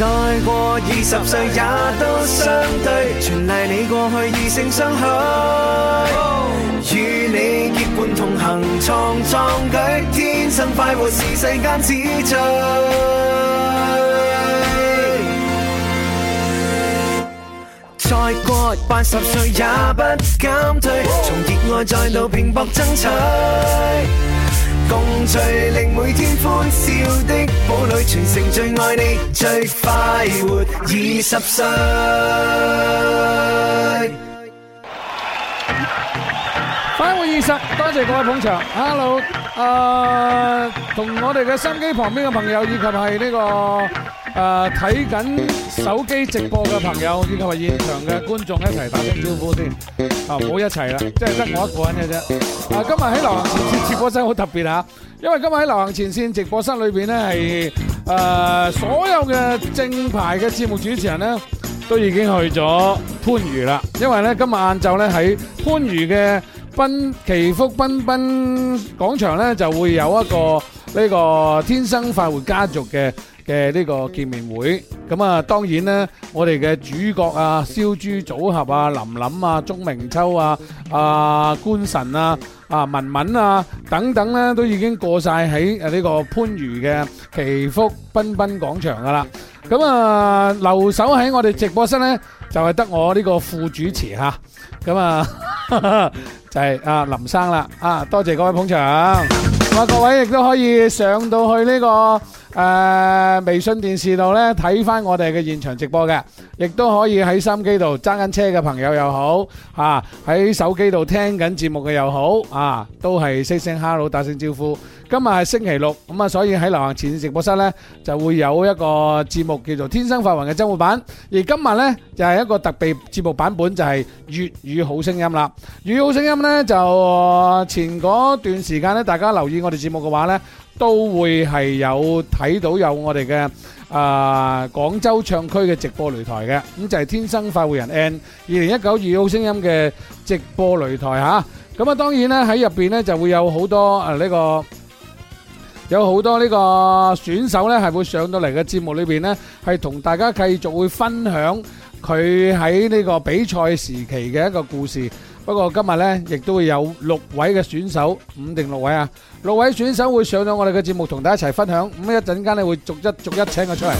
再過二十歲也都相對，全賴你過去異性相許，與你結伴同行創創舉，天生快活是世間之最。 再過八十歲也不減退，從熱愛再度拼搏爭取。共聚令每天歡笑的婦女，全城最愛你，最快活二十歲。快活二十，多謝各位捧場。Hello。誒，同我哋嘅收音機旁邊嘅朋友，以及係呢個誒睇緊手機直播嘅朋友，以及係現場嘅觀眾一齊打聲招呼先。啊，唔好一齊啦，即係得我一個人嘅啫。啊，今日喺流行前線直播室好特別吓，因為今日喺流行前線直播室裏邊呢係誒所有嘅正牌嘅節目主持人呢都已經去咗番禺啦。因為呢今日晏晝呢喺番禺嘅。濱祈福繽繽廣場咧就會有一個呢個天生快活家族嘅嘅呢個見面會，咁啊當然咧我哋嘅主角啊燒豬組合啊林林啊鍾明秋啊啊官臣啊啊文文啊等等咧都已經過晒喺誒呢個番禺嘅祈福繽繽廣場噶啦，咁啊留守喺我哋直播室咧就係得我呢個副主持吓，咁啊。就係、是、啊林生啦，啊多謝各位捧場，啊、各位亦都可以上到去呢、這個。呃，微信電視度呢，睇返我哋嘅現場直播㗎，亦都可以喺心機度，揸緊車嘅朋友又好，喺手機度，聽緊節目嘅又好，uh, 啊，都係 say 聲 hello，打聲招呼。今日係星期六，咁啊，所以喺流行前線直播室呢，就會有一個節目，叫做天生快活人嘅周末版。而今日呢，就係一個特別節目版本，就係，都會係有睇到有我哋嘅啊廣州唱區嘅直播擂台嘅，咁就係天生快活人 N 二零一九《粵語好聲音》嘅直播擂台嚇。咁啊，當然咧喺入邊咧就會有好多啊呢個有好多呢個選手咧係會上到嚟嘅節目裏邊咧，係同大家繼續會分享佢喺呢個比賽時期嘅一個故事。不過今日呢，亦都會有六位嘅選手，五定六位啊！六位選手會上到我哋嘅節目，同大家一齊分享。咁一陣間呢，會逐一逐一請佢出嚟。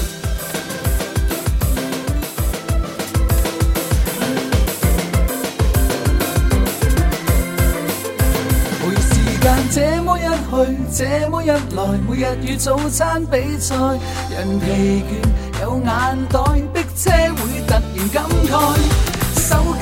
每時間這麼一去，這麼一來，每日與早餐比賽，人疲倦，有眼袋，逼車會突然感慨。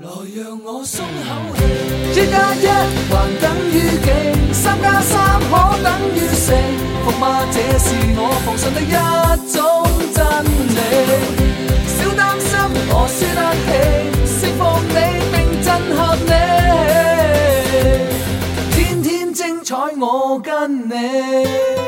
來讓我鬆口氣，一加一還等於幾？三加三可等於四？服嗎？這是我奉上的一種真理。小擔心，我輸得起，釋放你並震撼你，天天精彩我跟你。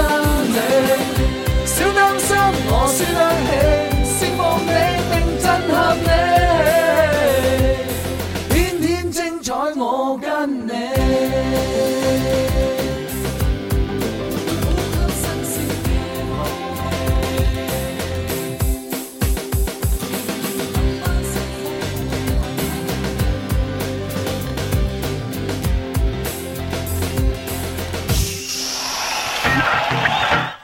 少擔心，我輸得起，希望你並震撼。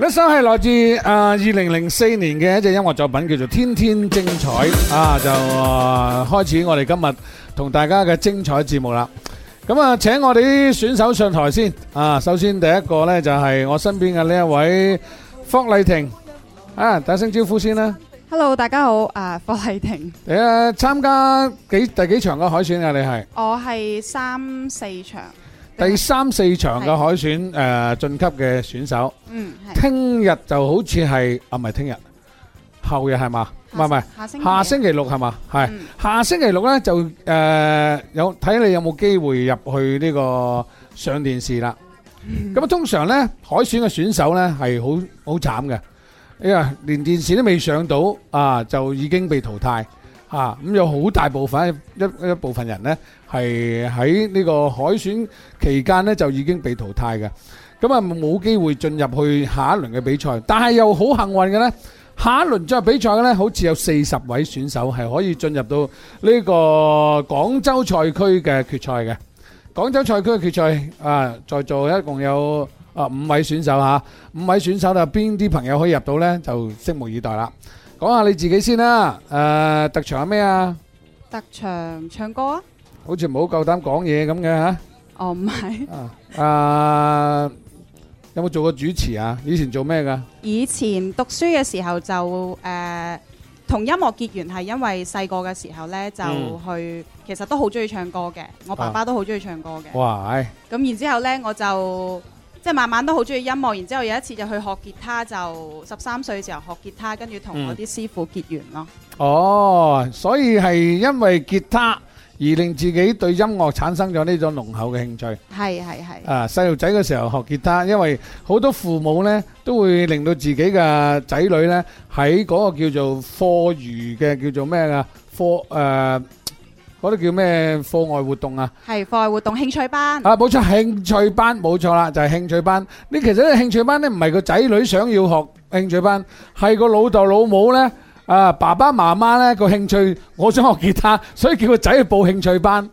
呢首係來自誒二零零四年嘅一隻音樂作品叫做《天天精彩》啊，就開始我哋今日同大家嘅精彩節目啦。咁啊，請我哋啲選手上台先啊！首先第一個呢就係我身邊嘅呢一位霍麗婷啊，打聲招呼先啦。Hello，大家好，誒，霍麗婷。誒，參加幾，第幾場嘅海選啊？你係我係三四場。第三四場嘅海選誒晉級嘅選手，聽日就好似係啊，唔係聽日後日係嘛？唔係唔係下星下星期六係嘛？係下星期六呢就誒有睇你有冇機會入去呢個上電視啦。咁啊通常呢海選嘅選手呢係好好慘嘅，哎呀連電視都未上到啊就已經被淘汰。吓，咁有好大部分一一部分人咧，係喺呢個海選期間咧就已經被淘汰嘅，咁啊冇機會進入去下一輪嘅比賽。但係又好幸運嘅咧，下一輪再比賽嘅咧，好似有四十位選手係可以進入到呢個廣州賽區嘅決賽嘅。廣州賽區嘅決賽啊，在座一共有啊五位選手吓，五位選手啊，有邊啲朋友可以入到咧，就拭目以待啦。講下你自己先啦，誒、呃，特長係咩啊？特長唱歌啊？好似唔好夠膽講嘢咁嘅吓？哦，唔係。誒、啊呃，有冇做過主持啊？以前做咩噶？以前讀書嘅時候就誒同、呃、音樂結緣，係因為細個嘅時候咧就去、嗯，其實都好中意唱歌嘅。我爸爸都好中意唱歌嘅。哇、啊！咁然之後咧我就。即係慢慢都好中意音樂，然之後有一次就去學吉他，就十三歲時候學吉他，跟住同我啲師傅結緣咯、嗯。哦，所以係因為吉他而令自己對音樂產生咗呢種濃厚嘅興趣。係係係。啊，細路仔嘅時候學吉他，因為好多父母呢都會令到自己嘅仔女咧喺嗰個叫做課餘嘅叫做咩啊課誒。課呃嗰啲叫咩課外活動啊？係課外活動興趣班。啊，冇錯，興趣班冇錯啦，就係興趣班。你其實呢興趣班呢唔係個仔女想要學興趣班，係個老豆老母咧啊，爸爸媽媽咧個興趣，我想學吉他，所以叫個仔去報興趣班，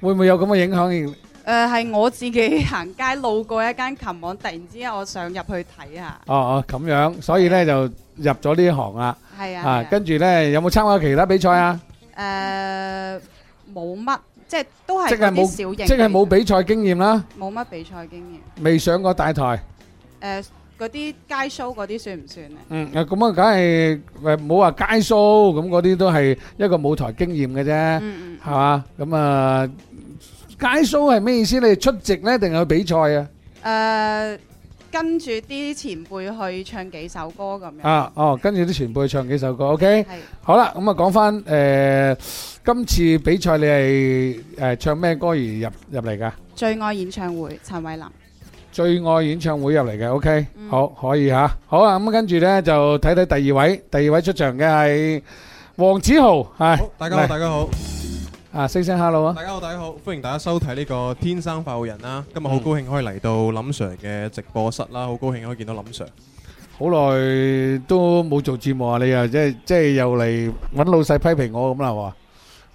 會唔會有咁嘅影響？誒，係我自己行街路過一間琴行，突然之間我想入去睇下。哦哦，咁樣，所以咧就入咗呢行啦。係啊。啊，跟住咧有冇參加其他比賽啊？誒。冇乜，即係都係嗰啲小型，即係冇比賽經驗啦。冇乜比賽經驗，未上過大台。誒，嗰啲街 show 嗰啲算唔算呢？嗯，咁啊，梗係誒，冇話街 show，咁嗰啲都係一個舞台經驗嘅啫。嗯嗯，係嘛？咁啊，街 show 係咩意思？你出席呢，定係去比賽啊？誒。跟住啲前輩去唱幾首歌咁樣啊！哦，跟住啲前輩去唱幾首歌，OK。好啦，咁啊講翻呃、今次比賽你係、呃、唱咩歌而入入嚟噶？《最愛演唱會》陳慧琳，《最愛演唱會》入嚟嘅，OK、嗯。好可以吓、啊、好啦，咁跟住呢就睇睇第二位，第二位出場嘅係黃子豪，係。大家好，大家好。啊！星星 hello 啊！大家好，大家好，歡迎大家收睇呢個天生快活人啦。今日好高興可以嚟到林 Sir 嘅直播室啦，好高興可以見到林 Sir。好耐都冇做節目啊！你又即係即係又嚟揾老細批評我咁啦，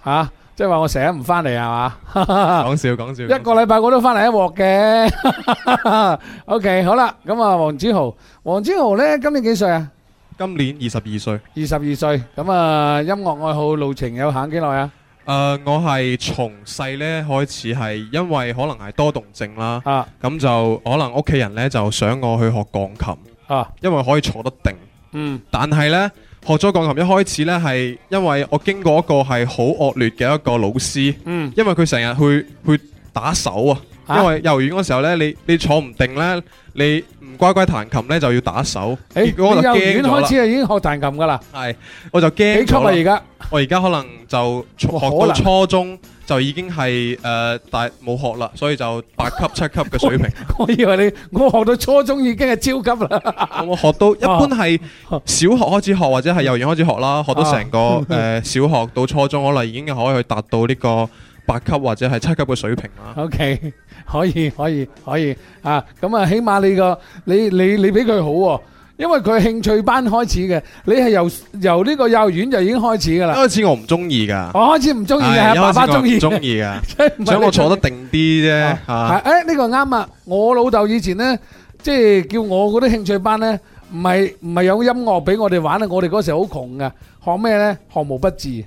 吓？即係話我成日唔翻嚟係嘛？講笑講笑，一個禮拜我都翻嚟一鑊嘅。OK，好啦，咁啊，黃子豪，黃子豪呢今年幾歲啊？今年二十二歲。二十二歲，咁啊，音樂愛好路程有行幾耐啊？誒，uh, 我係從細咧開始係，因為可能係多動症啦，咁、啊、就可能屋企人咧就想我去學鋼琴，啊、因為可以坐得定。嗯，但係咧學咗鋼琴一開始咧係，因為我經過一個係好惡劣嘅一個老師，嗯、因為佢成日去去打手啊，啊因為幼兒園嗰時候咧，你你坐唔定咧，你。你唔乖乖彈琴呢，就要打手，誒、欸，結果我就驚咗啦。幼兒園開始就已經學彈琴噶啦，係，我就驚。幾級啊而家？我而家可能就哇學到初中就已經係誒但冇學啦，所以就八級七級嘅水平 我。我以為你我學到初中已經係超級啦。 我學到一般係小學開始學或者係幼兒園開始學啦，學到成個誒、呃、小學到初中可能已經可以去達到呢、這個。八級或者係七級嘅水平啦。O、okay, K，可以可以可以啊！咁啊，起碼你個你你你比佢好啊，因為佢興趣班開始嘅，你係由由呢個幼兒園就已經開始噶啦。開始我唔中意噶，我開始唔中意啊，爸爸中意，中意噶，想我坐得定啲啫。吓，誒，呢個啱啊！啊哎這個、我老豆以前呢，即、就、係、是、叫我嗰啲興趣班呢，唔係唔係有音樂俾我哋玩啊！我哋嗰時好窮噶，學咩呢？學無不至。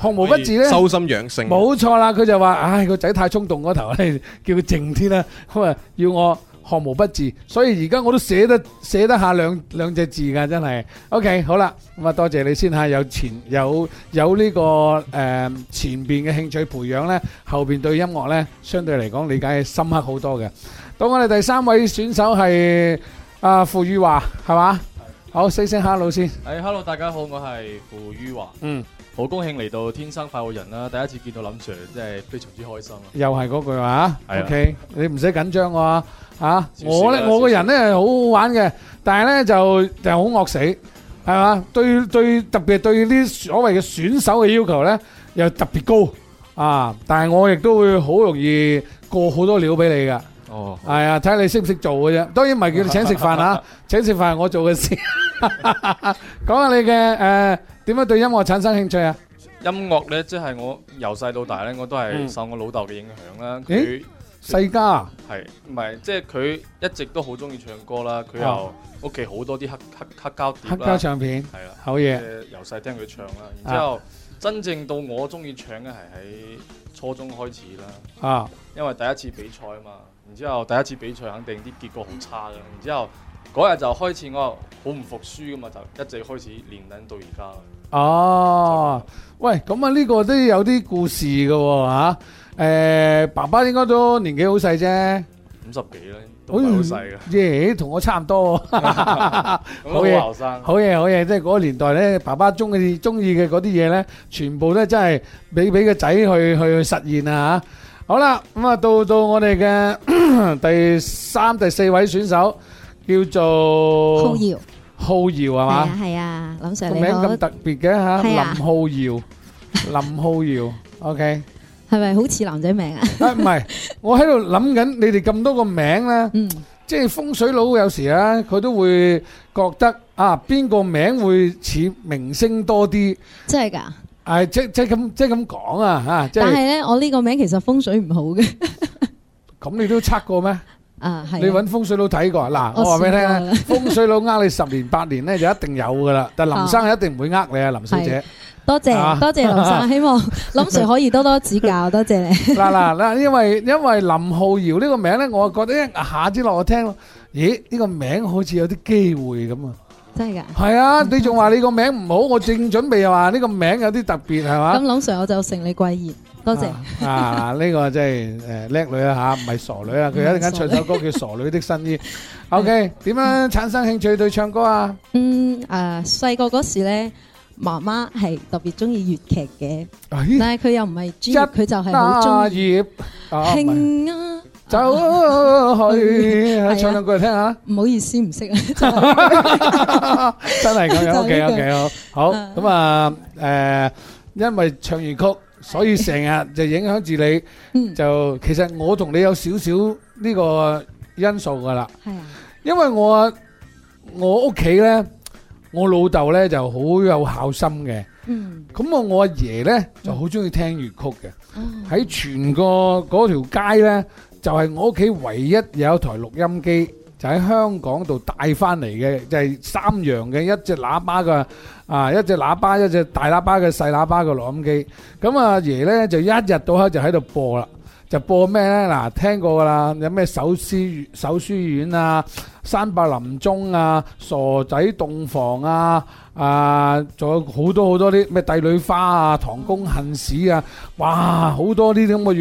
學無不至咧，修心養性，冇錯啦。佢就話：，唉，個仔太衝動嗰頭咧，叫佢靜天啦。咁啊，要我學無不至。所以而家我都寫得寫得下兩兩隻字噶，真係。OK，好啦，咁啊，多謝你先吓。有前有有呢、這個誒、呃、前邊嘅興趣培養咧，後邊對音樂咧相對嚟講理解深刻好多嘅。到我哋第三位選手係阿、啊、傅宇華，係嘛？好，say 聲 hello 先。誒、hey,，hello，大家好，我係傅宇華。嗯。好高興嚟到天生快活人啦！第一次見到林 Sir 真係非常之開心啊！又係嗰句話，OK，你唔使緊張啊！嚇，我咧我個人咧係好好玩嘅，但係咧就就係好惡死，係嘛？對對，特別對呢啲所謂嘅選手嘅要求咧又特別高啊！但係我亦都會好容易過好多料俾你㗎。哦，係啊，睇下你識唔識做嘅啫。當然唔係叫你請食飯嚇，請食飯係我做嘅事。講下你嘅誒。點樣對音樂產生興趣啊？音樂呢，即係我由細到大咧，我都係受我老豆嘅影響啦。佢、嗯、細家係，唔係即係佢一直都好中意唱歌啦。佢又屋企好多啲黑黑膠唱片係啦，好嘢。由細聽佢唱啦，然之後真正到我中意唱嘅係喺初中開始啦。啊，因為第一次比賽啊嘛，然之後第一次比賽肯定啲結果好差嘅，然之後嗰日就開始我好唔服輸噶嘛，就一直開始練緊到而家。哦，喂，咁啊呢個都有啲故事嘅吓。誒，爸爸應該都年紀好細啫，五十幾啦，好似好細㗎。耶，同我差唔多，好嘢、好嘢、好嘢，即係嗰個年代咧， 爸爸中意中意嘅嗰啲嘢咧， 全部咧真係俾俾個仔去去實現啊吓，好啦，咁啊到到我哋嘅第三第四位選手叫做。Oh, 浩瑤係嘛？係啊，林 Sir，你個名咁特別嘅吓，林浩瑤，林浩瑤，OK，係咪好似男仔名啊？啊，唔係，我喺度諗緊你哋咁多個名咧，即係風水佬有時啊，佢都會覺得啊，邊個名會似明星多啲？真係噶？誒，即即係咁即係咁講啊吓！但係咧，我呢個名其實風水唔好嘅。咁你都測過咩？啊，係、啊、你揾風水佬睇過，嗱、啊，我話俾你聽，風水佬呃你十年八年呢就一定有噶啦， 但林生係一定唔會呃你啊，林小姐，多謝多謝林生、啊，希望林 Sir 可以多多指教， 多謝你。嗱嗱嗱，因為因為林浩瑤呢個名呢，我覺得一下之落我聽，咦，呢個名好似有啲機會咁啊，真係噶？係啊，你仲話你個名唔好，我正準備又話呢個名有啲特別係嘛？咁林 Sir 我就承你貴言。多謝，謝啊！呢、啊呢個真係誒叻女啊。吓，唔係傻女啊，佢一陣間唱首歌叫《傻女的新衣》。O K，點樣產生興趣對唱歌啊？嗯，誒、啊，細個嗰時咧，媽媽係特別中意粵劇嘅，但係佢又唔係專業，佢、呃、就係好中意阿葉慶啊，就、啊啊啊啊、去、啊、唱兩句嚟聽下。唔好意思，唔識、 就是這個 okay, okay, 啊，真係咁樣。O K，O K，好，好咁啊，誒，因為唱粵曲，所以成日就影響住你，就其實我同你有少少呢個因素㗎喇。因為我我屋企呢，我老豆呢就好有孝心嘅。咁啊，我阿爺呢就好鍾意聽粵曲嘅。喺全個嗰條街呢，就係我屋企唯一有一台錄音機。就喺香港度帶翻嚟嘅，就係、是、三洋嘅一隻喇叭嘅啊，一隻喇叭，一隻大喇叭嘅細喇叭嘅錄音機。咁阿爺呢，就一日到黑就喺度播啦，就播咩呢？嗱、啊，聽過噶啦，有咩《搜書搜書院》啊，《山伯臨終》啊，《傻仔洞房》啊，啊，仲有好多好多啲咩《帝女花》啊，《唐宮恨史》啊，哇，好多呢啲咁嘅粵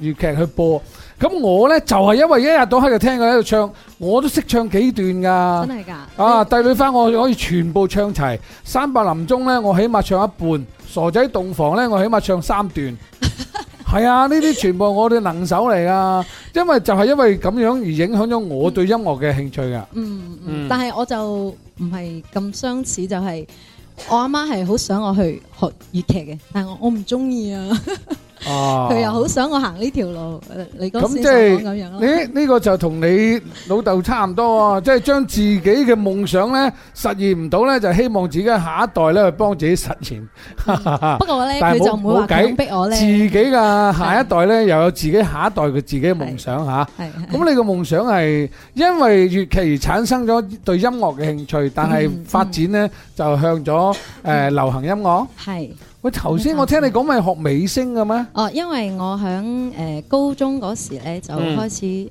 劇粵劇去播。咁我咧就係因為一日到黑就聽佢喺度唱，我都識唱幾段噶。真係噶？啊，帝女花我可以全部唱齊，三拜林鐘咧我起碼唱一半，傻仔洞房咧我起碼唱三段。係啊，呢啲全部我哋能手嚟噶，因為就係因為咁樣而影響咗我對音樂嘅興趣噶。嗯，但係我就唔係咁相似，就係我阿媽係好想我去學粵劇嘅，但係我我唔中意啊。哦，佢又好想我行呢條路，你咁即係咁樣咯？誒，呢個就同你老豆差唔多啊，即係將自己嘅夢想咧實現唔到咧，就希望自己下一代咧去幫自己實現。不過咧，佢就唔會話強逼我咧。自己嘅下一代咧，又有自己下一代嘅自己嘅夢想吓。係。咁你嘅夢想係因為粵劇而產生咗對音樂嘅興趣，但係發展咧就向咗誒流行音樂。係。喂，頭先我聽你講咪學美聲嘅咩？哦，因為我響誒高中嗰時咧就開始誒、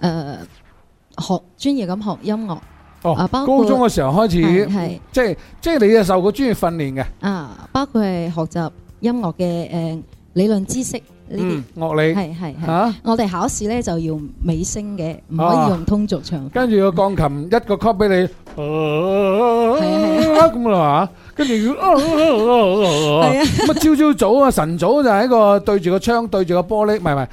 嗯呃、學專業咁學音樂。哦，包括高中嘅時候開始，係即係即係你係受過專業訓練嘅。啊，包括係學習音樂嘅誒理論知識呢啲樂理。係係吓，我哋考試咧就要美聲嘅，唔可以用通俗唱。跟住個鋼琴一個曲俾你，係啊係啊，咁啊嘛。 跟住，咁啊朝朝早啊，晨早就喺一個對住個窗，對住個玻璃，唔係唔係，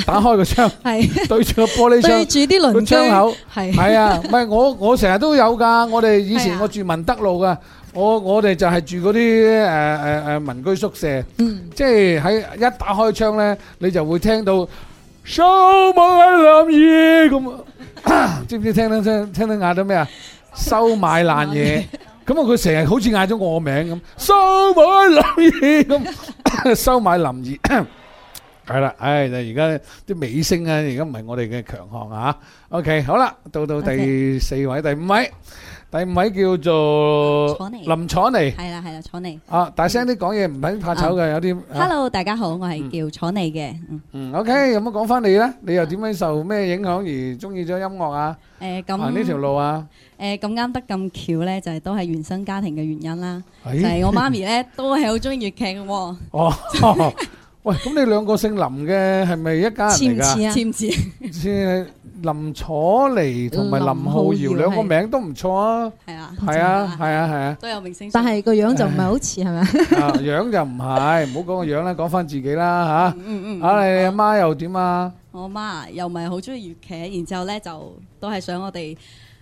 誒打開個窗，對住個玻璃窗，對住啲鄰居個窗口，係係啊，唔係我我成日都有噶，我哋以前我住文德路噶，我我哋就係住嗰啲誒誒誒民居宿舍，即係喺一打開窗咧，你就會聽到收買爛嘢咁，知唔知聽到聽聽到下咗咩啊？收買爛嘢。咁啊佢成日好似嗌咗我名咁，收買林義咁，收買林義。 係啦，唉，而家啲美聲啊，而家唔係我哋嘅強項啊。OK，好啦，到到第四位、第五位，第五位叫做林楚妮，係啦，係啦，楚妮。啊，大聲啲講嘢，唔使怕醜嘅，有啲。Hello，大家好，我係叫楚妮嘅。嗯嗯，OK，有冇講翻你咧？你又點樣受咩影響而中意咗音樂啊？行呢條路啊？誒，咁啱得咁巧咧，就係都係原生家庭嘅原因啦。係我媽咪咧，都係好中意粵劇嘅。哦。喂，咁你兩個姓林嘅係咪一家人嚟噶？似似似，林楚黎同埋林浩瑤兩個名都唔錯啊！係啊，係啊，係啊，係啊，都有明星。但係個樣就唔係好似係咪啊？樣就唔係，唔好講個樣啦，講翻自己啦吓。嗯嗯，啊你阿媽又點啊？我阿媽又唔係好中意粵劇，然之後咧就都係想我哋。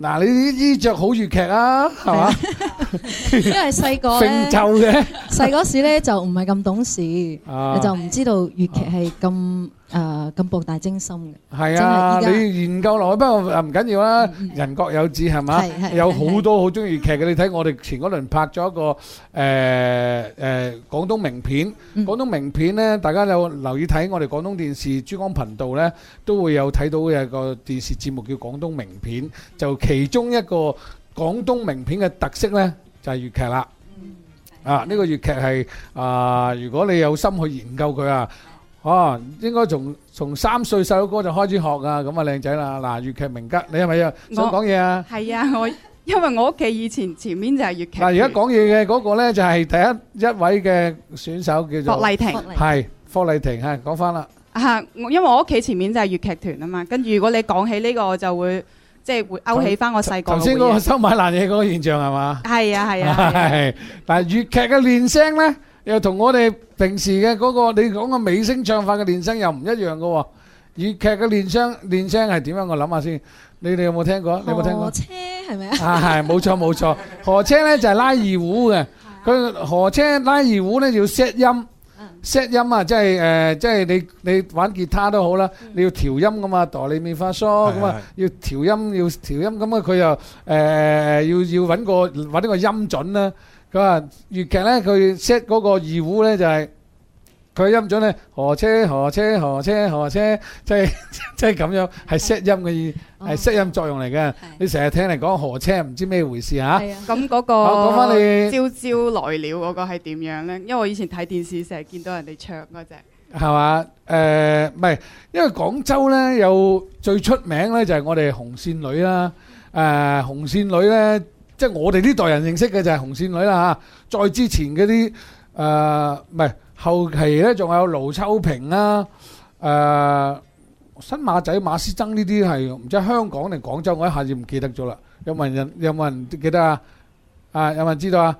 嗱、啊，你衣着好粵劇啊，係嘛、啊？是 因為細個，成 就嘅細嗰時咧就唔係咁懂事，你、啊、就唔知道粵劇係咁。誒，咁博大精深嘅，係啊！你研究落去，不過唔緊要啦。人各有志係嘛，有好多好中意粵劇嘅。你睇我哋前嗰輪拍咗一個誒誒廣東名片。廣東名片呢，大家有留意睇我哋廣東電視珠江頻道呢，都會有睇到有個電視節目叫《廣東名片》。就其中一個廣東名片嘅特色呢，就係粵劇啦。啊，呢個粵劇係啊，如果你有心去研究佢啊。ạ, oh, 應該從從三歲細個就開始學,咁啊靚仔啦嗱粵劇名吉,你係咪啊?想講嘢啊?因為我屋企以前前面就係粵劇團而家講嘢嘅嗰個就係第一一位嘅選手叫做霍麗婷係霍麗婷,講返又同我哋平時嘅嗰個你講嘅美聲唱法嘅練聲又唔一樣嘅喎，粵劇嘅練聲練聲係點樣？我諗下先，你哋有冇聽過？你有冇聽過？河車係咪啊？啊係，冇錯冇錯，河車咧就係拉二胡嘅。佢河車拉二胡咧要 set 音，set 音啊，即係誒，即係你你玩吉他都好啦，你要調音㗎嘛，哆唻咪發嗦咁啊，要調音要調音，咁啊佢又誒要要揾個揾個音準啦。佢話粵劇咧，佢 set 嗰個二胡咧就係、是、佢音準咧，何車何車何車何車，即係即係咁樣，係 set 音嘅，係 set 音作用嚟嘅。你成日聽嚟講何車唔知咩回事嚇。咁嗰、啊嗰個講翻你朝朝來了嗰個係點樣咧？因為我以前睇電視成日見到人哋唱嗰隻係嘛？誒唔係、呃、因為廣州咧有最出名咧就係我哋紅線女啦。誒、呃、紅線女咧。即係我哋呢代人認識嘅就係紅線女啦，嚇，再之前嗰啲誒唔係後期咧，仲有盧秋萍啊，誒新馬仔馬師曾呢啲係唔知香港定廣州，我一下子唔記得咗啦。有冇人有冇人記得啊？啊有冇人知道啊？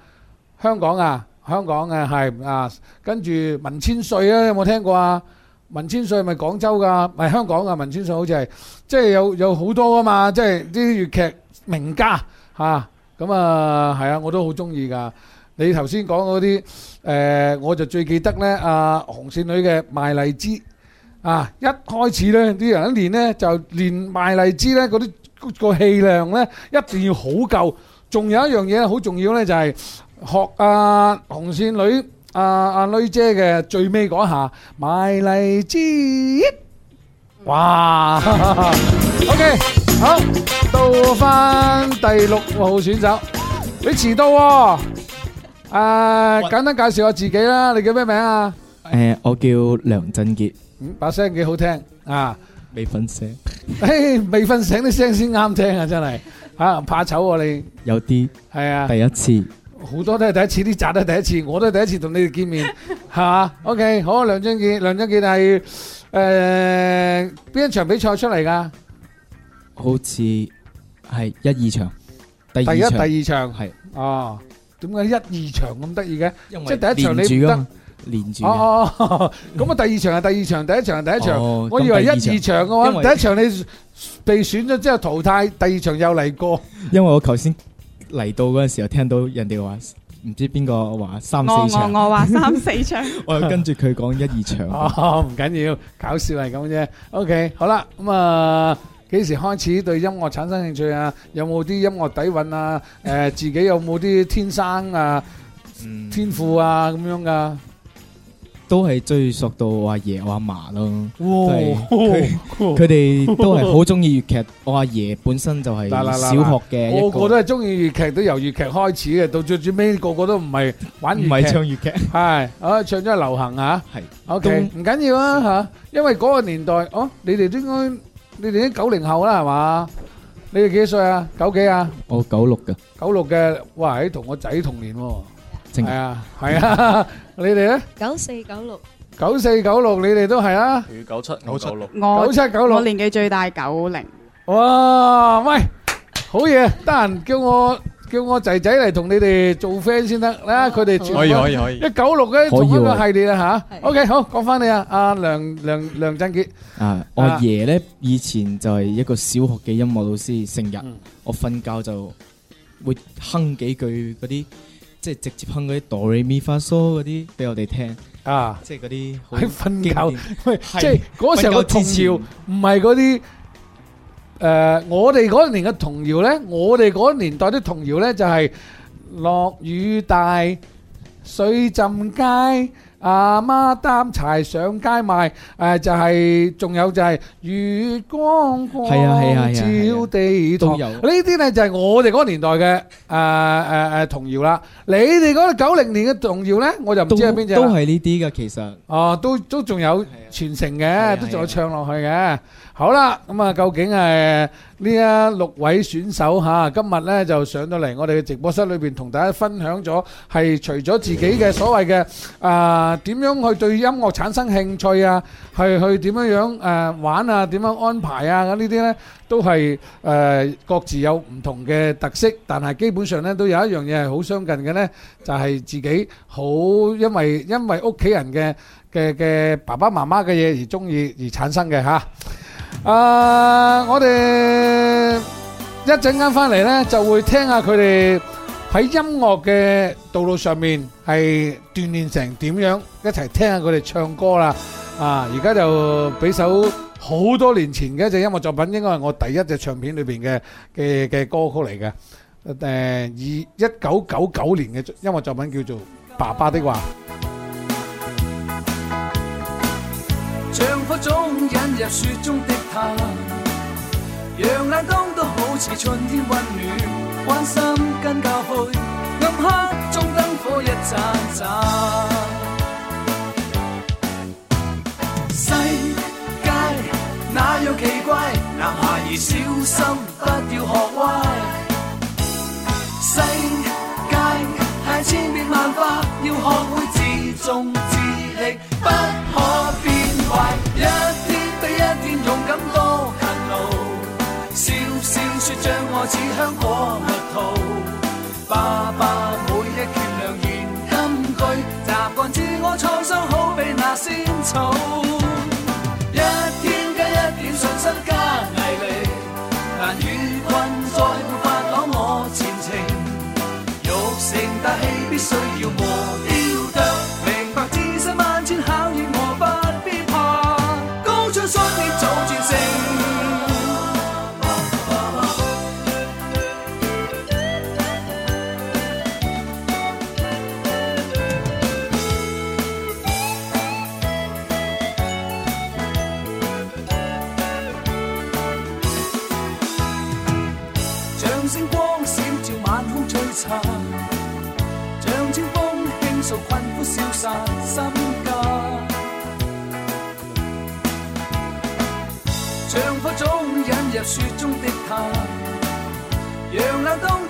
香港啊，香港嘅係啊，跟住文千歲啊，有冇聽過啊？文千歲咪廣州噶，唔係香港啊文千歲，好似係即係有有好多啊嘛，即係啲粵劇名家嚇。咁啊，係啊，我都好中意㗎。你頭先講嗰啲，誒，我就最記得咧。阿紅線女嘅賣荔枝啊，一開始咧啲人一練咧，就練賣荔枝咧嗰啲個氣量咧，一定要好夠。仲有一樣嘢咧，好重要咧，就係學阿紅線女阿阿女姐嘅最尾嗰一下賣荔枝。哇！OK。好，到翻第六號選手，你遲到喎、啊。誒、啊，簡單介紹下自己啦。你叫咩名啊？誒、呃，我叫梁振杰。把聲幾好聽啊？未瞓醒？未瞓醒、哎、未瞓醒啲聲先啱聽啊！真係吓、啊，怕醜啊，點啊，你有啲係啊？第一次好多都係第一次，啲讚都係第一次，我都係第一次同你哋見面，係嘛 ？OK，好，梁振杰，梁振杰係誒邊一場比賽出嚟噶？好似係一二場，第二場係啊？點解一二場咁得意嘅？即係第一場你唔得連住，哦哦，咁啊，第二場係第二場，第一場係第一場。我以為一二場嘅話，第一場你被選咗之後淘汰，第二場又嚟過。因為我頭先嚟到嗰陣時候聽到人哋話，唔知邊個話三四場，我我我話三四場，我又跟住佢講一二場。哦，唔緊要，搞笑係咁啫。OK，好啦，咁啊。幾時開始對音樂產生興趣啊？有冇啲音樂底蘊啊？誒，自己有冇啲天生啊天賦啊咁樣噶？都係追溯到我阿爺我阿嫲咯。佢佢哋都係好中意粵劇。我阿爺本身就係小學嘅，個個都係中意粵劇，都由粵劇開始嘅。到最最尾，個個都唔係玩唔係唱粵劇，係啊唱咗流行啊。係 OK，唔緊要啊吓，因為嗰個年代，哦，你哋都應該。你哋已經九零後啦係嘛？你哋幾歲啊？九幾啊？我九六嘅。九六嘅，哇！喺同我仔同年喎。係啊，係人啊，你哋咧？九四九六。九四九六，你哋都係啊？九七九六六。我我年紀最大九零。哇，喂，好嘢，得閒叫我。叫我仔仔嚟同你哋做 friend 先得，啊，佢哋可以可以可以一九六嘅同一個系列啦嚇。OK 好，講翻你啊，阿梁梁梁振杰啊，我阿爺咧以前就係一個小學嘅音樂老師，成日我瞓覺就會哼幾句嗰啲，即係直接哼嗰啲 Do Re Mi Fa So 嗰啲俾我哋聽啊，即係嗰啲喺瞓覺，即係嗰時候我通宵，唔係嗰啲。誒、呃，我哋嗰年嘅童謠呢，我哋嗰年代啲童謠呢，就係、是、落雨大水浸街，阿媽擔柴上街賣，誒、呃、就係、是，仲有就係月光光照地堂，呢啲呢，就係我哋嗰年代嘅誒誒誒童謠啦。你哋嗰個九零年嘅童謠呢，我就唔知係邊隻，都係呢啲嘅其實。哦，都都仲有傳承嘅，都仲有，、啊啊、有唱落去嘅。好啦，咁啊，究竟係呢一六位選手嚇，今日咧就上到嚟我哋嘅直播室裏邊，同大家分享咗係除咗自己嘅所謂嘅啊點樣去對音樂產生興趣啊，係去點樣樣誒玩啊，點樣安排啊，咁呢啲咧都係誒各自有唔同嘅特色，但係基本上咧都有一樣嘢係好相近嘅咧，就係自己好因為因為屋企人嘅嘅嘅爸爸媽媽嘅嘢而中意而產生嘅嚇。啊！我哋一陣間返嚟呢，就會聽下佢哋喺音樂嘅道路上面係鍛鍊成點樣，一齊聽下佢哋唱歌啦！啊，而家就畀首好多年前嘅一隻音樂作品，應該係我第一隻唱片裏邊嘅嘅嘅歌曲嚟嘅。誒，以一九九九年嘅音樂作品叫做《爸爸的話》。像火種引入雪中的。冷冬都好似春天溫暖，關心跟教誨，暗黑中燈火一盞盞。世界那樣奇怪，男孩兒小心不要學壞。世界太千變萬化，要學會自重自力。不。將愛似香果蜜桃，爸 爸。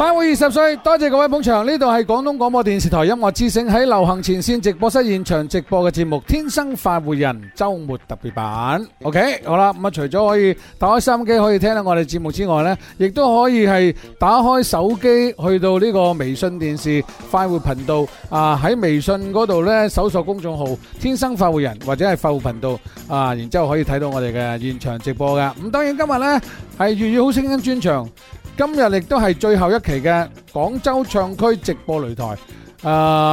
快活20歲，多謝各位捧場。今日亦都係最後一期嘅廣州唱區直播擂台，誒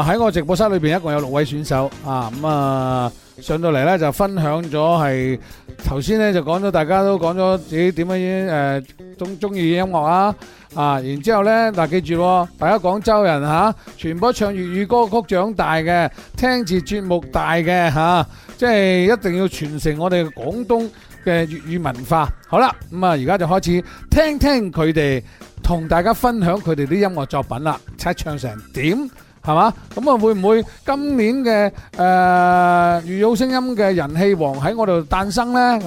喺我直播室裏邊一共有六位選手啊，咁啊上到嚟咧就分享咗係頭先咧就講咗，大家都講咗自己點樣樣誒中中意音樂啊，啊然之後咧嗱記住，大家廣州人吓，全部都唱粵語歌曲長大嘅，聽住節目大嘅吓，即係一定要傳承我哋廣東。嘅粵語文化，好啦，咁啊，而家就開始聽聽佢哋同大家分享佢哋啲音樂作品啦，睇唱成點，係嘛？咁啊，會唔會今年嘅誒粵語好聲音嘅人氣王喺我度誕生呢？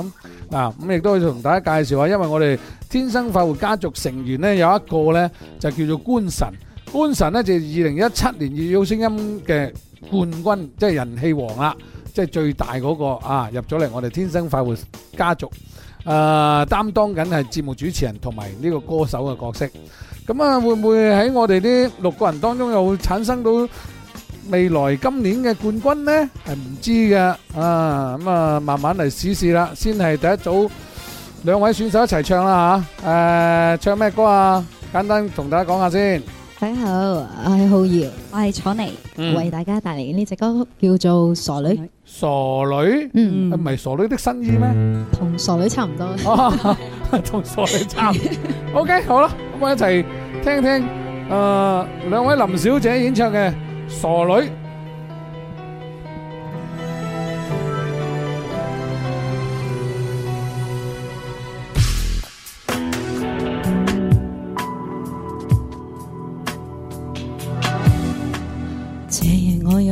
咁啊，咁亦都可以同大家介紹下，因為我哋天生快活家族成員呢有一個呢就叫做官神，官神呢就係二零一七年粵語好聲音嘅冠軍，即係人氣王啦。即係最大嗰個啊，入咗嚟我哋天生快活家族，誒，擔當緊係節目主持人同埋呢個歌手嘅角色。咁啊，會唔會喺我哋啲六個人當中又會產生到未來今年嘅冠軍呢？係唔知嘅啊，咁啊，慢慢嚟試試啦，先係第一組兩位選手一齊唱啦吓，誒，唱咩歌啊？簡單同大家講下先。大家好，我係浩堯，我係楚妮，為大家帶嚟呢隻歌曲叫做《傻女》，傻女，嗯，唔係傻女的新衣咩？同傻女差唔多，哦，同傻女差唔多。OK，好啦，咁我一齊聽聽，誒，兩位林小姐演唱嘅《傻女》。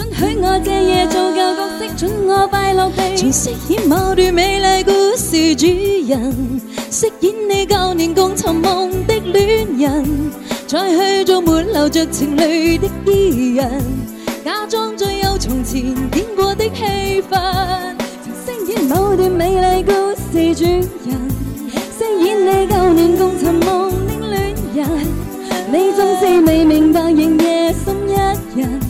准許我這夜做舊角色，准我快樂地。重飾演某段美麗故事主人，飾演你舊年共尋夢的戀人，再去做沒流着情淚的伊人，假裝再有從前演過的戲份。重飾演某段美麗故事主人，飾演你舊年共尋夢的戀人，啊、你縱是未明白，仍夜深一人。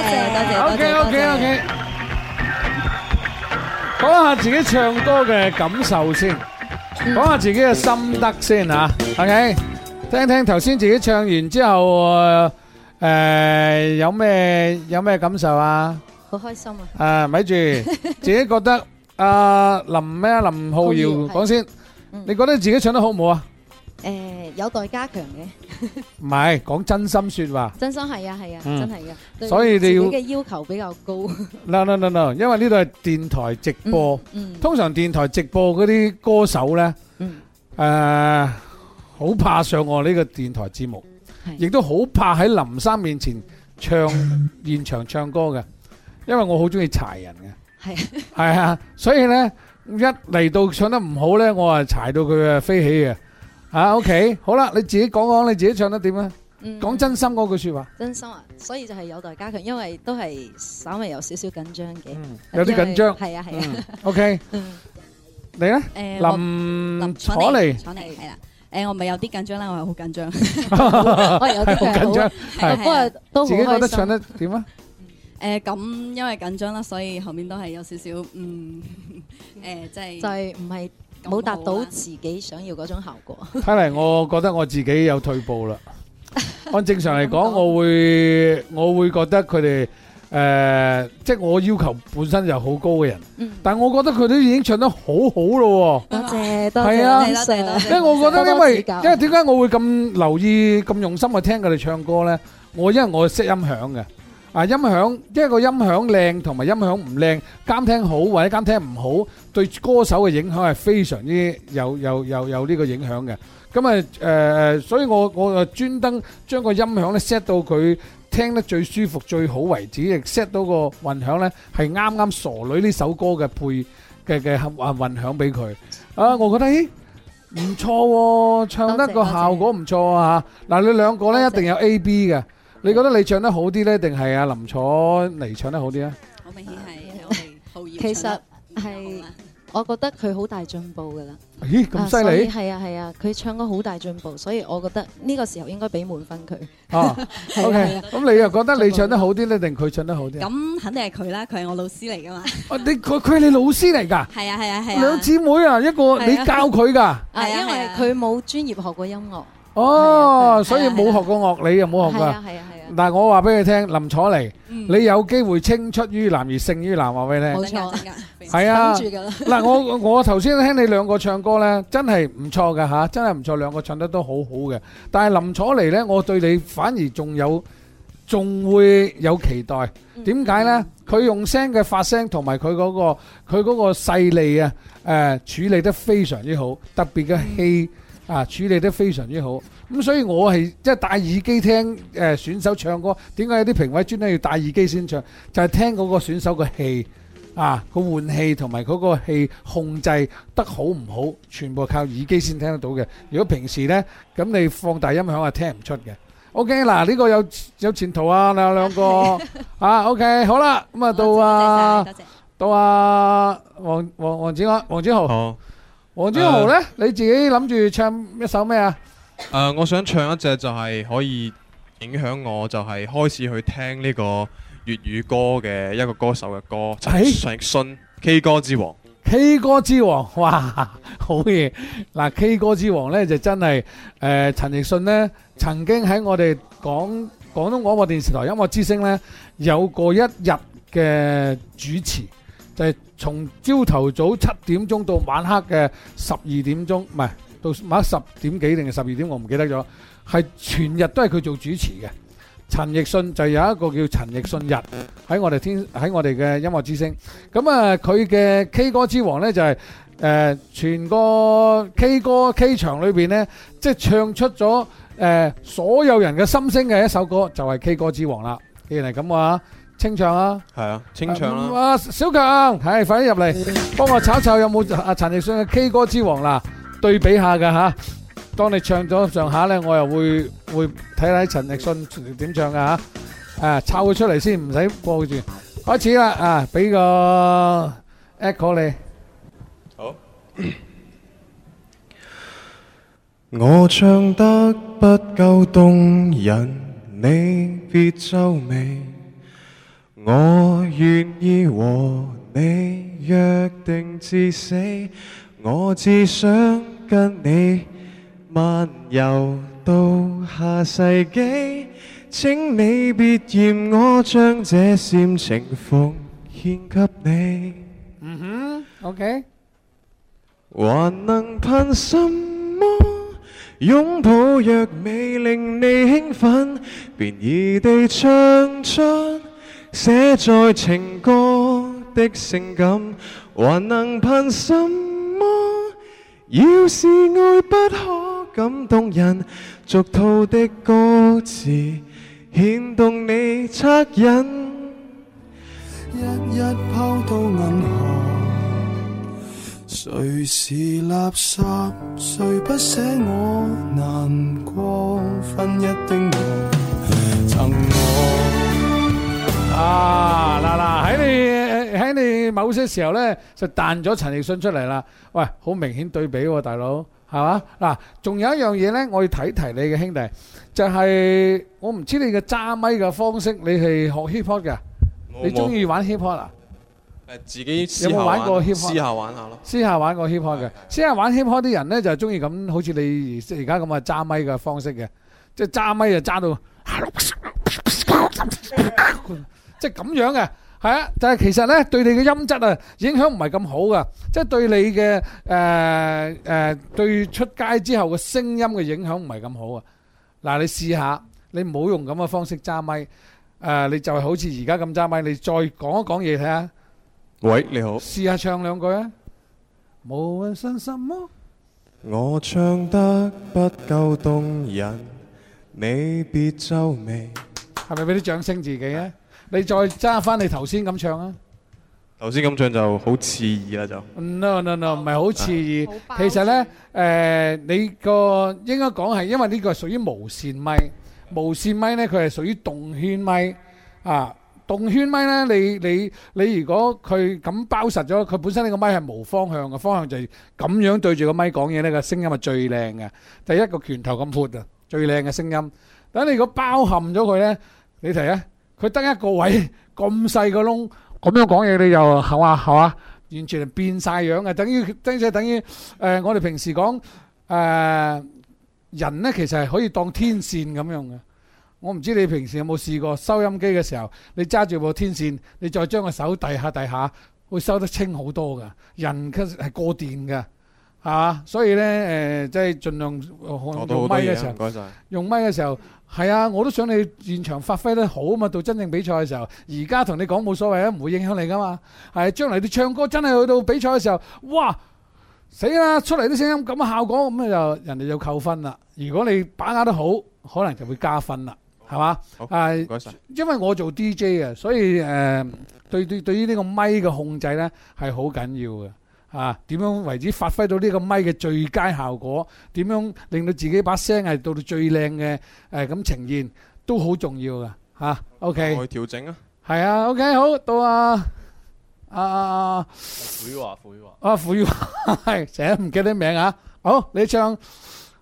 多謝多謝，O K O K O K，講下自己唱歌嘅感受先，講下自己嘅心得先啊。O K，聽聽頭先自己唱完之後，誒，有咩有咩感受啊？好開心啊！誒，咪住，自己覺得阿林咩啊，林浩耀講先，你覺得自己唱得好唔好啊？誒，有待加強嘅。唔係講真心說話，真心係啊係啊，是啊嗯、真係噶，所以你要嘅要求比較高。No, no no no no，因為呢度係電台直播、嗯嗯，通常電台直播嗰啲歌手呢，誒、嗯，好、呃、怕上我呢個電台節目，亦都好怕喺林生面前唱、嗯、現場唱歌嘅，因為我好中意柴人嘅，係啊，係啊，所以呢，一嚟到唱得唔好呢，我係柴到佢啊飛起嘅。吓，OK，好啦，你自己講講你自己唱得點啊？講真心嗰句說話。真心啊，所以就係有待加強，因為都係稍微有少少緊張嘅，有啲緊張。係啊係，啊。OK，你咧？誒，林坐嚟，坐嚟，係啦。誒，我咪有啲緊張啦，我係好緊張，我有啲緊張，不過都自己覺得唱得點啊？誒，咁因為緊張啦，所以後面都係有少少，嗯，誒，即係就係唔係。冇達到自己想要嗰種效果。睇嚟，我覺得我自己有退步啦。按正常嚟講，我會我會覺得佢哋誒，即係我要求本身就好高嘅人。但係我覺得佢都已經唱得好好咯。多謝，多謝，多謝啦。因為我覺得，因為因為點解我會咁留意、咁用心去聽佢哋唱歌呢？我因為我識音響嘅啊，音響，因為個音響靚同埋音響唔靚，監聽好或者監聽唔好。對歌手嘅影響係非常之有有有有呢個影響嘅，咁啊誒，所以我我啊專登將個音響咧 set 到佢聽得最舒服最好為止，亦 set 到個混響咧係啱啱《傻女》呢首歌嘅配嘅嘅混混響俾佢。啊，我覺得咦唔錯喎，唱得個效果唔錯啊！嗱，你兩個咧一定有 A、B 嘅，你覺得你唱得好啲咧，定係阿林楚妮唱得好啲啊？我明顯係我係後熱，其實。係，我覺得佢好大進步噶啦。咦，咁犀利？係啊係啊，佢唱歌好大進步，所以我覺得呢個時候應該俾滿分佢。哦，OK，咁你又覺得你唱得好啲咧，定佢唱得好啲？咁肯定係佢啦，佢係我老師嚟噶嘛。哦，你佢佢係你老師嚟噶？係啊係啊係啊。兩姊妹啊，一個你教佢噶。係啊，因為佢冇專業學過音樂。哦，所以冇學過樂理又冇學過。但係，我話俾你聽，林楚黎，你有機會青出於藍而勝於藍，話俾你聽。冇錯，係啊。嗱，我我頭先聽你兩個唱歌咧，真係唔錯嘅吓，真係唔錯，兩個唱得都好好嘅。但係林楚黎咧，我對你反而仲有，仲會有期待。點解咧？佢用聲嘅發聲同埋佢嗰個，佢嗰個細膩啊，誒，處理得非常之好，特別嘅氣啊，處理得非常之好。咁所以我係即係戴耳機聽誒選手唱歌，點解有啲評委專登要戴耳機先唱？就係、是、聽嗰個選手個氣啊，換氣個換氣同埋嗰個氣控制得好唔好，全部靠耳機先聽得到嘅。如果平時呢，咁你放大音響啊，係聽唔出嘅。O K，嗱呢個有有前途啊，兩兩個 啊。O、okay, K，好啦，咁 啊到啊， 到啊王王王子安，王子豪，王子豪呢？啊、你自己諗住唱一首咩啊？誒、呃，我想唱一隻就係可以影響我，就係、是、開始去聽呢個粵語歌嘅一個歌手嘅歌，就係陳奕迅 K 歌之王。K 歌之王，哇，好嘢！嗱，K 歌之王呢，就真係誒、陳、呃、奕迅呢，曾經喺我哋廣廣東廣播電視台音樂之聲呢，有過一日嘅主持，就係從朝頭早七點鐘到晚黑嘅十二點鐘，唔係。到晚十點幾定係十二點，我唔記得咗。係全日都係佢做主持嘅。陳奕迅就有一個叫陳奕迅日喺我哋天喺我哋嘅音樂之星。咁啊，佢嘅 K 歌之王呢，就係、是、誒、呃、全個 K 歌 K 場裏面呢，即、就、係、是、唱出咗誒、呃、所有人嘅心聲嘅一首歌，就係、是、K 歌之王啦。然嚟咁話清唱啊，係啊，清唱啦、啊啊。小強，係、啊、快啲入嚟幫我查查，有冇啊陳奕迅嘅 K 歌之王啦？對比下㗎吓，當你唱咗上下呢，我又會會睇睇陳奕迅點唱㗎吓，誒，抄佢出嚟先，唔使播住，開始啦，啊，俾個 echo 你，好。我唱得不夠動人，你別皺眉，我願意和你約定至死。我只想跟你漫遊到下世紀，請你別嫌我將這煽情奉獻給你。嗯、mm-hmm. 哼，OK。還能盼什麼？擁抱若未令你興奮，便宜地唱出寫在情歌的性感，還能盼什麼？要是愛不可感動人，俗套的歌詞牽動你惻隱，一一拋到銀河。誰是垃圾，誰不捨我難過？分一丁紅贈我。啊，嗱嗱，喺你喺你某些時候咧就彈咗陳奕迅出嚟啦，喂，好明顯對比、啊、大佬係嘛。嗱，仲有一樣嘢咧，我要提提你嘅兄弟就係、是、我唔知道，唔知你嘅揸咪嘅方式，你係學 hiphop 嘅，你中意玩 hiphop 啊，誒，自己有冇玩過 hiphop？私下玩下咯，私下玩過 hiphop 嘅，私下玩 hiphop 啲人咧就係中意咁，好似你而家咁嘅揸咪嘅方式嘅，即係揸咪就揸到。 即係咁樣嘅，係啊！但係其實呢，對你嘅音質啊，影響唔係咁好噶。即係對你嘅誒誒，對出街之後嘅聲音嘅影響唔係咁好啊。嗱，你試下，你唔好用咁嘅方式揸咪，誒，你就係好似而家咁揸咪。你再講一講嘢睇下。喂，你好。試下唱兩句啊。無論想什麼，我唱得不夠動人，你別皺眉。係咪俾啲掌聲自己啊？你再揸翻你頭先咁唱啊！頭先咁唱就好刺耳啦，就 no no no 唔係好刺耳。其實咧，誒，你個應該講係因為呢個係屬於無線咪，無線咪咧，佢係屬於動圈咪啊！動圈咪咧，你你你如果佢咁包實咗，佢本身呢個咪係無方向嘅，方向就係咁樣對住個咪講嘢咧，個聲音係最靚嘅。第一個拳頭咁闊啊，最靚嘅聲音。等你如果包含咗佢咧，你睇啊！佢得一個位咁細個窿，咁樣講嘢你又係嘛，係嘛？完全變晒樣嘅，等於即係等於、呃、我哋平時講、呃、人呢其實係可以當天線咁用嘅。我唔知你平時有冇試過收音機嘅時候，你揸住部天線，你再將個手遞下遞下，會收得清好多嘅。人係過電嘅，係嘛？所以呢，呃、即係盡量用咪嘅時候，謝謝用咪嘅時候。係啊，我都想你現場發揮得好啊嘛！到真正比賽嘅時候，而家同你講冇所謂啊，唔會影響你噶嘛。係將來你唱歌真係去到比賽嘅時候，哇！死啦，出嚟啲聲音咁嘅效果，咁就人哋就扣分啦。如果你把握得好，可能就會加分啦，係嘛？好，係好，啊唔該曬，因為我做 DJ 啊，所以誒、呃、對於呢個咪嘅控制呢，係好緊要嘅。啊！點樣為之發揮到呢個咪嘅最佳效果？點樣令到自己把聲係到到最靚嘅？誒咁呈現都好重要㗎吓。O K，去調整啊。係啊。O K，好到啊啊傅玉華，傅玉華。啊，傅玉華係成日唔記得名啊。好，你唱。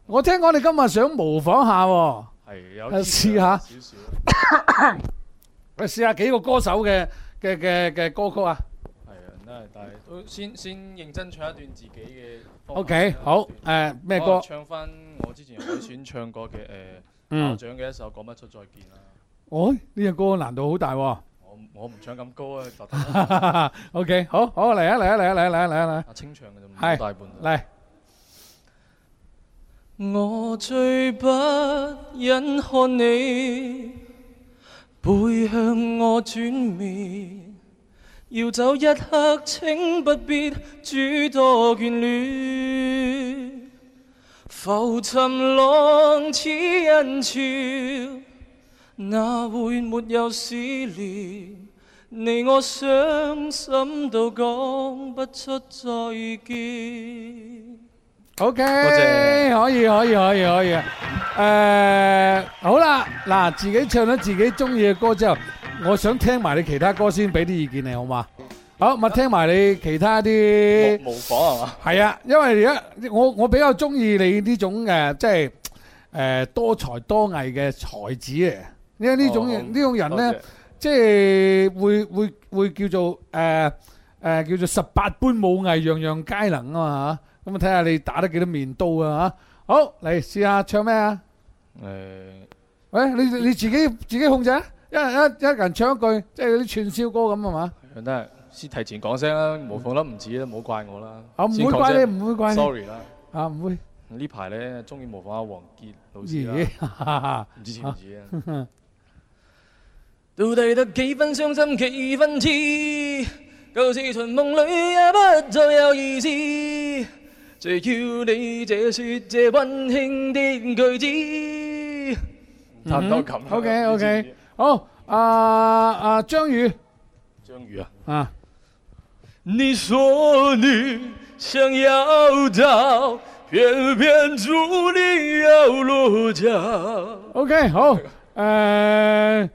我聽講你今日想模仿下喎。係有試下少少。我試下幾個歌手嘅嘅嘅嘅歌曲啊。係，但係都先先認真唱一段自己嘅。O K，好，誒咩歌？唱翻我之前選唱過嘅誒，校長嘅一首《講不出再見》啦。哦，呢隻歌難度好大喎。我我唔唱咁高啊！O K，好好嚟啊嚟啊嚟啊嚟啊嚟啊嚟啊！清唱嘅啫，唔好大半。嚟，我最不忍看你背向我轉面。要走一刻，請不必諸多眷戀。浮沉浪似人潮，哪會沒有思念？你我傷心到講不出再見。OK，可以可以可以可以。誒，可以可以 uh, 好啦，嗱，自己唱咗自己中意嘅歌之後。我想聽埋你其他歌先，俾啲意見你好嘛？好，咪聽埋你其他啲。模仿係嘛？係啊，因為而家我我比較中意你呢種嘅，即係誒多才多藝嘅才子啊！因為呢種呢、哦嗯、種人咧，即係會會會叫做誒誒、呃呃、叫做十八般武藝，樣樣皆能啊嘛，咁啊睇下你打得幾多面刀啊吓。好，嚟試下唱咩啊？誒、嗯，喂，你你自己自己控制、啊。一人一一人唱一句，即係啲串燒歌咁啊嘛。都係先提前講聲啦，模仿得唔似咧，唔好怪我啦。唔、啊、會怪你，唔會怪你。Sorry 啦、啊，啊唔會。呢排咧，鍾意模仿阿王傑老師啦。唔知似唔似啊？到底得幾分傷心，幾分痴，舊事尋夢裏也不再有意思。最、啊啊、叫你這説這温馨的句子。太多咁嘅嘢。OK OK。好，啊啊，張宇，張宇啊，啊，你說你想要逃，偏偏注定要落腳。OK，好，嗯、這、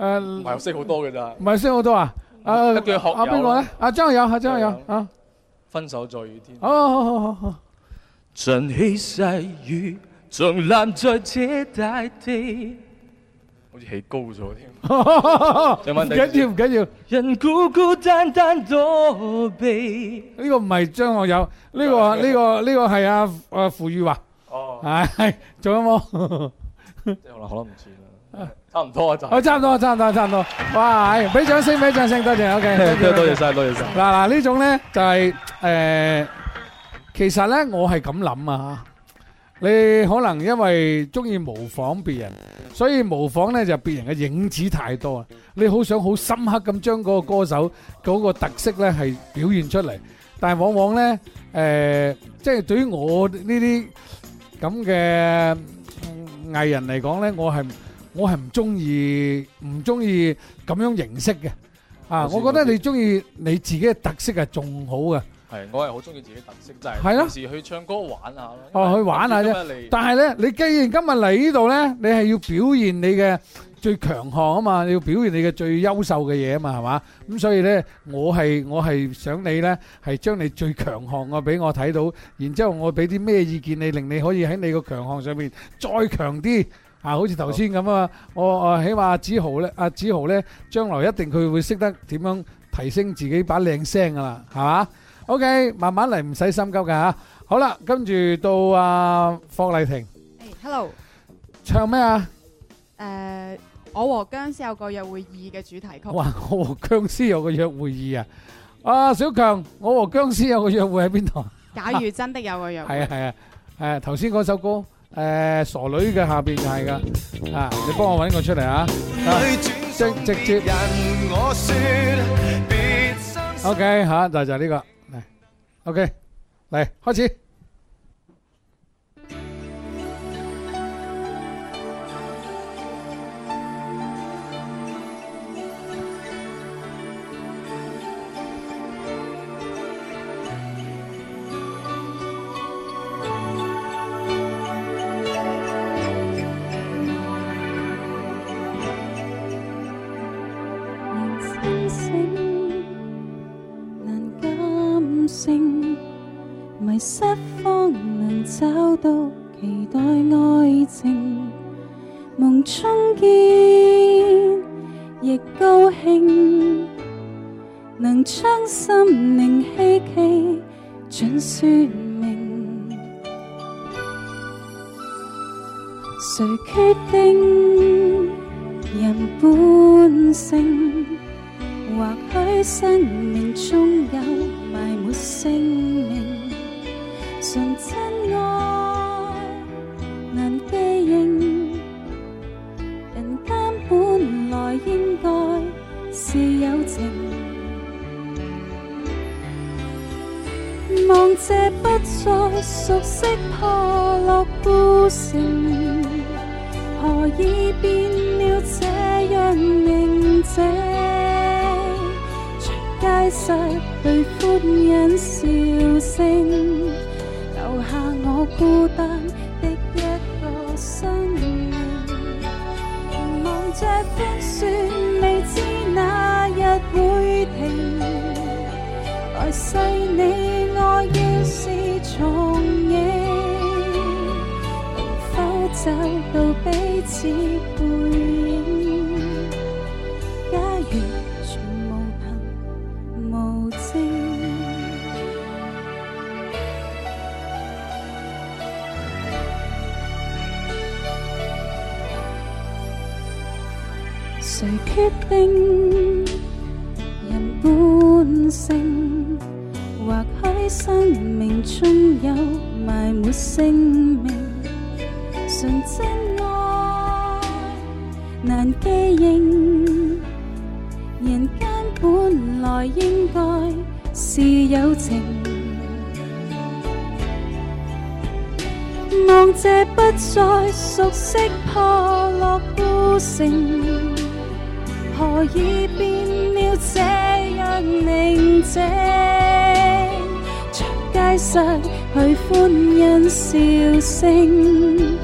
嗯、個，唔係、啊、識、啊啊、好多嘅咋、啊？唔係識好多啊，啊啊，邊個咧？啊張學友啊，張學友啊，分手在雨天。好好好好好，晨曦細雨，降臨在這大地。好似起高咗添，唔緊要唔緊要。人孤孤單單躲避。呢個唔係張學友，呢個呢個呢個係阿阿付宇華。哦，係仲有冇？即係可能可能唔似啦，差唔多就。啊，差唔多，差唔多，差唔多。哇！俾掌聲，俾掌聲，多謝。O K，多謝多謝晒，多謝晒。嗱嗱，呢種咧就係誒，其實咧我係咁諗啊嚇。你可能因為中意模仿別人，所以模仿呢就別人嘅影子太多啊！你好想好深刻咁將嗰個歌手嗰個特色呢係表現出嚟，但係往往呢，誒，即係對於我呢啲咁嘅藝人嚟講呢，我係我係唔中意唔中意咁樣形式嘅啊！我覺得你中意你自己嘅特色係仲好嘅！係，我係好中意自己特色，就係有時去唱歌玩下咯。哦，去玩下啫。但係咧，你既然今日嚟呢度咧，你係要表現你嘅最強項啊嘛，你要表現你嘅最優秀嘅嘢啊嘛，係嘛？咁所以咧，我係我係想你咧係將你最強項嘅俾我睇到，然之後我俾啲咩意見你，令你可以喺你個強項上面再強啲啊！好似頭先咁啊，我啊起碼阿子豪咧，阿子豪咧將來一定佢會識得點樣提升自己把靚聲噶啦，係嘛？O K，慢慢嚟，唔使心急噶吓。好啦，跟住到阿霍麗婷，Hello，唱咩啊？誒，我和僵屍有個約會二嘅主題曲。哇，我和僵屍有個約會二啊！啊，小強，我和僵屍有個約會喺邊度？假如真的有個約會？係啊係啊，誒，頭先嗰首歌，誒，傻女嘅下邊就係噶，啊，你幫我搵個出嚟啊！直接，O K，吓就就係呢個。OK，嚟，好奇，開始。心靈希冀，盡說明。誰決定？彼此背影，假如全無憑無證，誰 決定人本性？或喺生命中有埋沒性命？難記認，人間本來應該是有情。望這不再熟悉破落孤城，何以變了這樣寧靜？長街上，失去歡欣笑聲。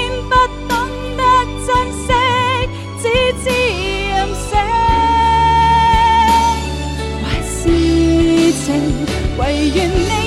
是任性，還是情？唯願你。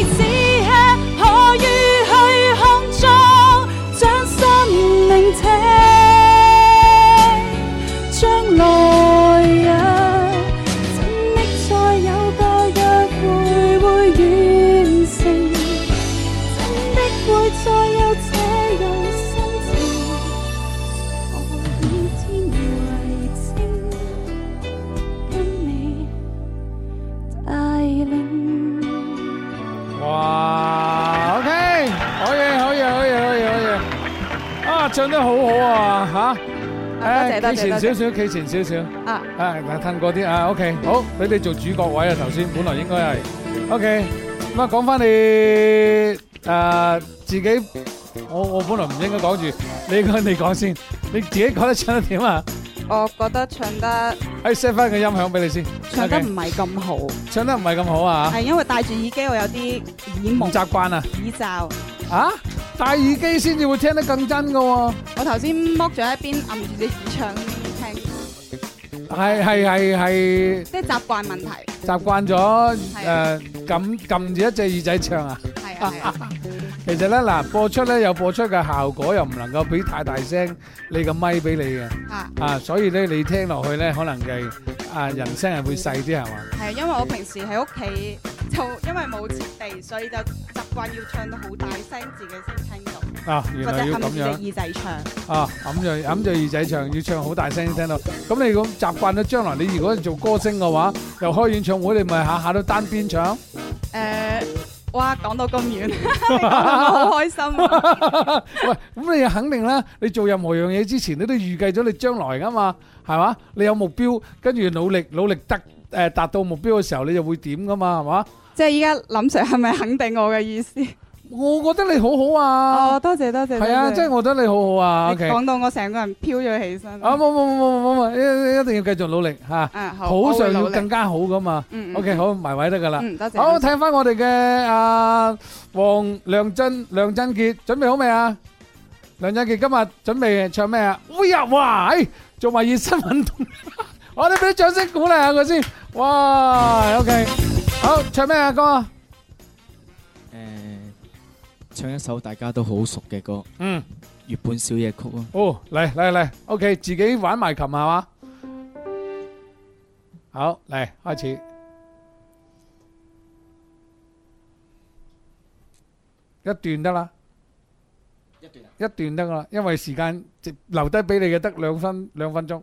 唱得好好啊，嚇！誒，企前少少，企前少少。啊，誒，嗱，褪過啲啊。O K，好，俾你做主角位啊。頭先本來應該係。O K，咁啊，講翻你誒自己，我我本來唔應該講住，你講你講先，你自己覺得唱得點啊？我覺得唱得，誒 set 翻個音響俾你先。唱得唔係咁好。唱得唔係咁好啊？係因為戴住耳機，我有啲耳朦。唔習慣啊！耳罩。啊？戴耳機先至會聽得更真嘅喎。啊，我頭先剝咗一邊，按住隻耳唱聽，係係係係，即係、就是、習慣問題，習慣咗誒咁撳住一隻耳仔唱啊！其實咧嗱，播出咧有播出嘅效果，又唔能夠俾太大聲你個咪俾你嘅。啊，所以咧你聽落去咧，可能就係啊人聲係會細啲，係嘛？係，因為我平時喺屋企就因為冇設備，所以就習慣要唱到好大聲，自己先聽到。啊，原來要咁樣。或者掩住耳仔唱。啊，掩住掩住耳仔唱，要唱好大聲先聽到。咁你咁習慣咗，將來你如果做歌星嘅話，又開演唱會，你咪下下都單邊唱。誒。哇，講到咁遠，講到好開心啊。 喂，咁你肯定啦，你做任何樣嘢之前，你都預計咗你將來噶嘛？係嘛？你有目標，跟住努力，努力達誒達到目標嘅時候，你就會點噶嘛？係嘛？即係依家林 Sir 係咪肯定我嘅意思？我覺得你好好啊！哦，多謝多謝，係啊，即係我覺得你好好啊！O K，講到我成個人飄咗起身。啊，冇冇冇冇冇，一一定要繼續努力吓、啊啊。好，好好，想要更加好噶嘛。O、okay, K，好埋、嗯嗯、位得噶啦。多謝。好，睇翻我哋嘅阿黃梁振梁振杰，準備好未啊？梁振杰今日準備唱咩啊？喂、哎、呀，哇，哎、做埋熱身運動。我哋俾啲掌聲鼓勵下佢先。哇，O、okay, K，好，唱咩啊歌。唱一首大家都好熟嘅歌，嗯，《月半小夜曲》啊。哦，嚟嚟嚟，OK，自己玩埋琴係嘛？好，嚟開始一段得啦，一段一段得啦，因為時間留低俾你嘅得兩分兩分鐘。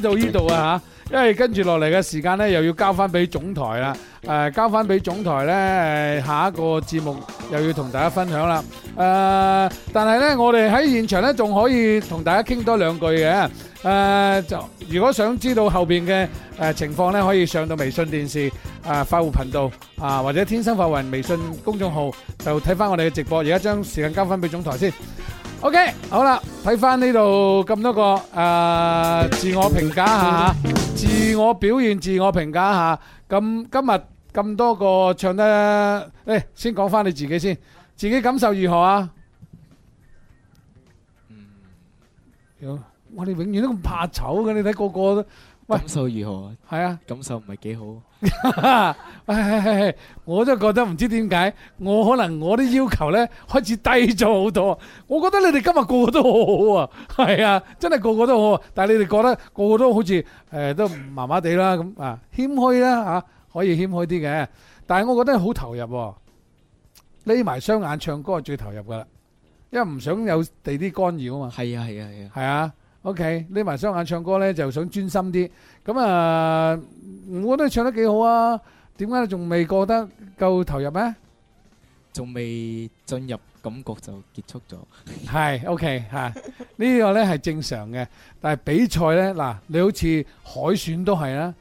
到呢度啊吓，因為跟住落嚟嘅時間咧，又要交翻俾總台啦。誒，交翻俾總台咧，下一個節目又要同大家分享啦。誒，但係咧，我哋喺現場咧，仲可以同大家傾多兩句嘅。誒，就如果想知道後邊嘅誒情況咧，可以上到微信電視啊快活頻道啊或者天生快活人微信公眾號，就睇翻我哋嘅直播。而家將時間交翻俾總台先。OK，好啦，睇翻呢度咁多個誒自我評價吓，自我表現、自我評價吓。咁今日咁多個唱得誒，先講翻你自己先，自己感受如何啊？嗯，有我哋永遠都咁怕醜嘅，你睇個個都感受如何啊？係啊，感受唔係幾好。哈、 哎哎哎、我都覺得唔知點解，我可能我啲要求呢開始低咗好多。我覺得你哋今日個個都好好啊，係啊，真係個個都好。但係你哋覺得個個都好似誒、呃、都麻麻地啦咁啊，謙虛啦吓，可以謙虛啲嘅。但係我覺得好投入，匿埋雙眼唱歌係最投入噶啦，因為唔想有地啲干擾啊嘛。係啊係啊係啊，係啊。係啊係啊 O.K. 匿埋雙眼唱歌呢，就想專心啲。咁啊，我覺得你唱得幾好啊。點解仲未覺得夠投入呢？仲未進入感覺就結束咗。係 O.K. 嚇，呢個呢係正常嘅。但係比賽呢，嗱你好似海選都係啦，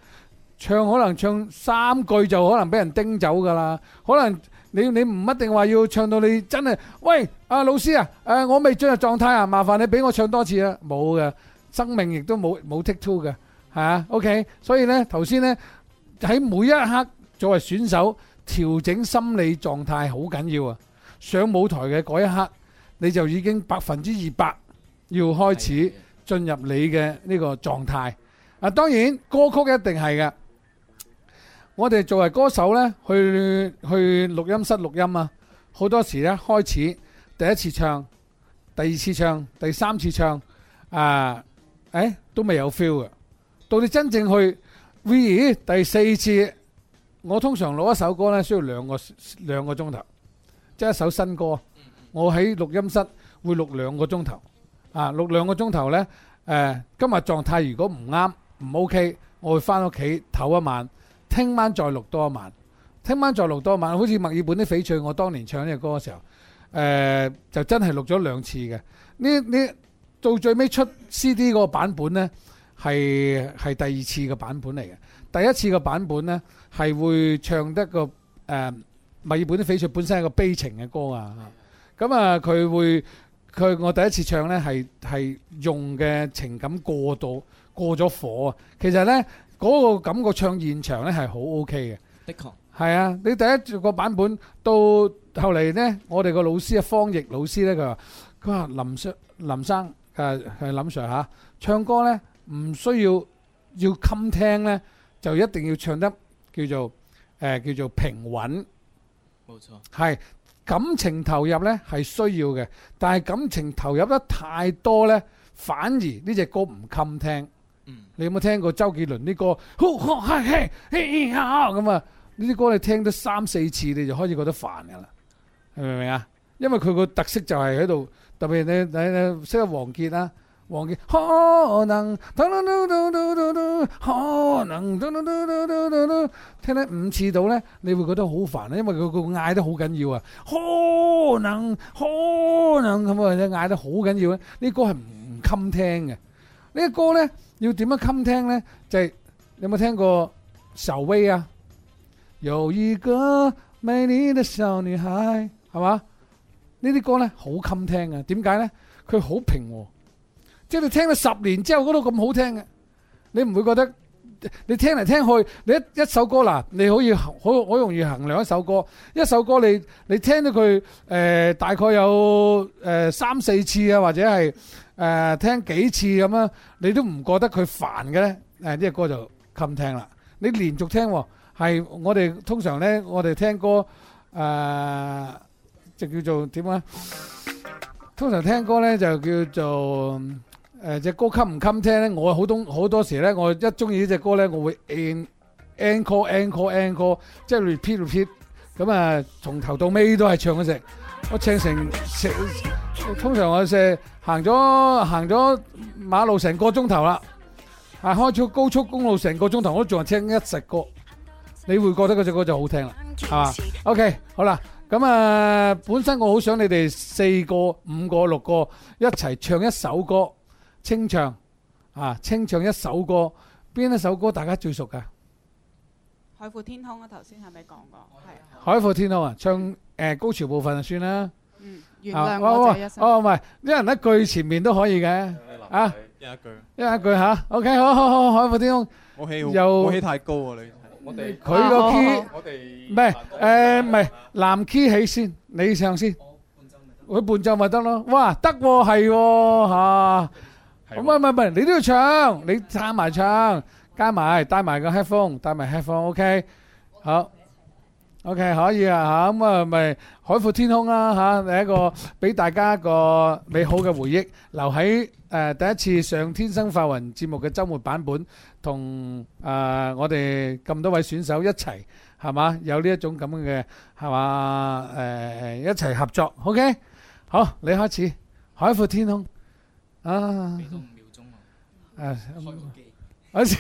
唱可能唱三句就可能俾人叮走㗎啦，可能。你你唔一定話要唱到你真係，喂，阿老師啊，誒，我未進入狀態啊，麻煩你俾我唱多次啊，冇嘅，生命亦都冇冇 take two 嘅，係啊，ok，所以呢頭先呢喺每一刻作為選手調整心理狀態好緊要啊，上舞台嘅嗰一刻你就已經百分之二百要開始進入你嘅呢個狀態，啊，當然歌曲一定係嘅。我哋作為歌手呢，去去錄音室錄音啊。好多時呢，開始第一次唱，第二次唱，第三次唱，啊，誒，都未有 feel 嘅。到你真正去 w 第四次，我通常攞一首歌呢，需要兩個兩個鐘頭，即係一首新歌。我喺錄音室會錄兩個鐘頭啊，錄兩個鐘頭呢。誒、啊，今日狀態如果唔啱唔 ok，我會翻屋企唞一晚。聽晚再錄多一晚，聽晚再錄多一晚，好似《墨爾本啲翡翠》，我當年唱呢隻歌嘅時候，誒、呃、就真係錄咗兩次嘅。呢呢到最尾出 CD 嗰個版本呢，係係第二次嘅版本嚟嘅。第一次嘅版本呢，係會唱得個誒《墨、呃、爾本啲翡翠》本身係個悲情嘅歌的、嗯、啊。咁啊，佢會佢我第一次唱呢，係係用嘅情感過度過咗火啊。其實呢。嗰個感覺唱現場咧係好 OK 嘅，的確係啊！你第一個版本到後嚟咧，我哋個老師啊，方譯老師咧，佢話：佢話林 Sir 林生誒誒林 Sir 嚇，唱歌咧唔需要要襟聽咧，就一定要唱得叫做誒叫做平穩，冇錯，係感情投入咧係需要嘅，但係感情投入得太多咧，反而呢隻歌唔襟聽。嗯，你有冇聽過周杰倫啲歌？咁、嗯、啊，呢啲歌你聽得三四次，你就開始覺得煩噶啦，明唔明啊？因為佢個特色就係喺度，特別你你你識得王傑啦、啊，王傑可能嘟嘟嘟嘟嘟嘟，可能嘟嘟嘟嘟嘟嘟，聽得五次到咧，你會覺得好煩啊，因為佢、這個嗌得好緊要啊，可能可能咁啊，嗌得好緊要啊，呢啲歌係唔禁聽嘅。呢個歌呢，要點樣襟聽呢？即係有冇聽過小薇啊？有一個美麗的小女孩喺係嘛？呢啲歌呢，好襟聽啊。點解呢？佢好平和，即係你聽咗十年之後嗰度咁好聽嘅，你唔會覺得你聽嚟聽去，你一一首歌嗱，你可以好好容易衡量一首歌，一首歌你你聽到佢誒大概有誒三四次啊，或者係。誒、呃、聽幾次咁樣，你都唔覺得佢煩嘅咧？誒呢隻歌就襟聽啦。你連續聽喎，係、哦、我哋通常咧，我哋聽歌誒、呃、就叫做點啊？通常聽歌咧就叫做誒隻、呃、歌襟唔襟聽咧？我好多好多時咧，我一中意呢隻歌咧，我會 encore encore encore 即係 repeat repeat 咁啊，從頭到尾都係唱一隻，我唱成。通常我哋行咗行咗馬路成個鐘頭啦，啊開出高速公路成個鐘頭我都仲係聽一隻歌，你會覺得嗰隻歌就好聽啦，係嘛？OK，好啦，咁啊，本身我好想你哋四個、五個、六個一齊唱一首歌，清唱啊，清唱一首歌，邊一首歌大家最熟噶？海闊天空啊，頭先係咪講過？係啊。海闊天空啊，唱誒高潮部分就算啦。原諒我這一生，哦唔係，一人一句前面都可以嘅，啊，一人一句，一人一句吓，OK，好好好，海闊天空，又，冇起太高啊你，我哋，佢個 key，我哋，唔係，誒唔係，男 key 起先，你唱先，佢伴奏咪得咯，哇，得喎，係喎，吓，唔係唔係唔係，你都要唱，你撐埋唱，加埋，戴埋個 headphone，戴埋 headphone，OK，好。O.K. 可以啊嚇，咁啊咪海闊天空啦嚇，係一個俾大家一個美好嘅回憶，留喺誒第一次上《天生快活人》節目嘅週末版本，同誒我哋咁多位選手一齊係嘛，有呢一種咁樣嘅係嘛誒一齊合作。O.K. 好，你開始《海闊天空》啊，俾多五秒鐘啊，開始。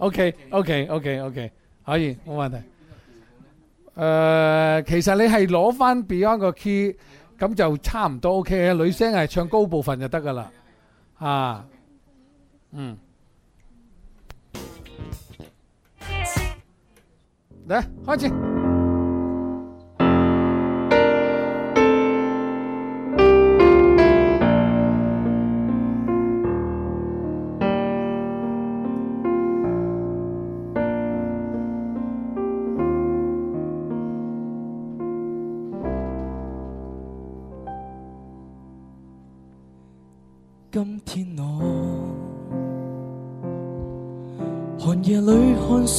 O.K. O.K. O.K. O.K. 可以，冇問題。誒、呃，其實你係攞翻 Beyond 個 key，咁就差唔多 OK 啊！女聲係唱高部分就得噶啦，啊，嗯，嚟開始。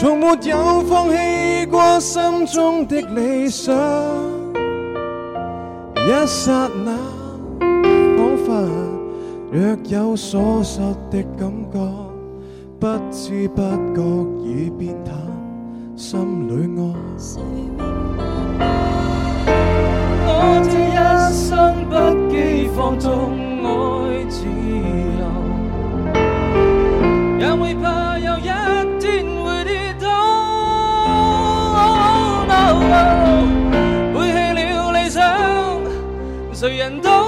從沒有放棄過心中的理想，一剎那，恍惚若有所失的感覺，不知不覺已變淡，心裏愛。誰明白？我這一生不羈放縱愛自由。誰人都。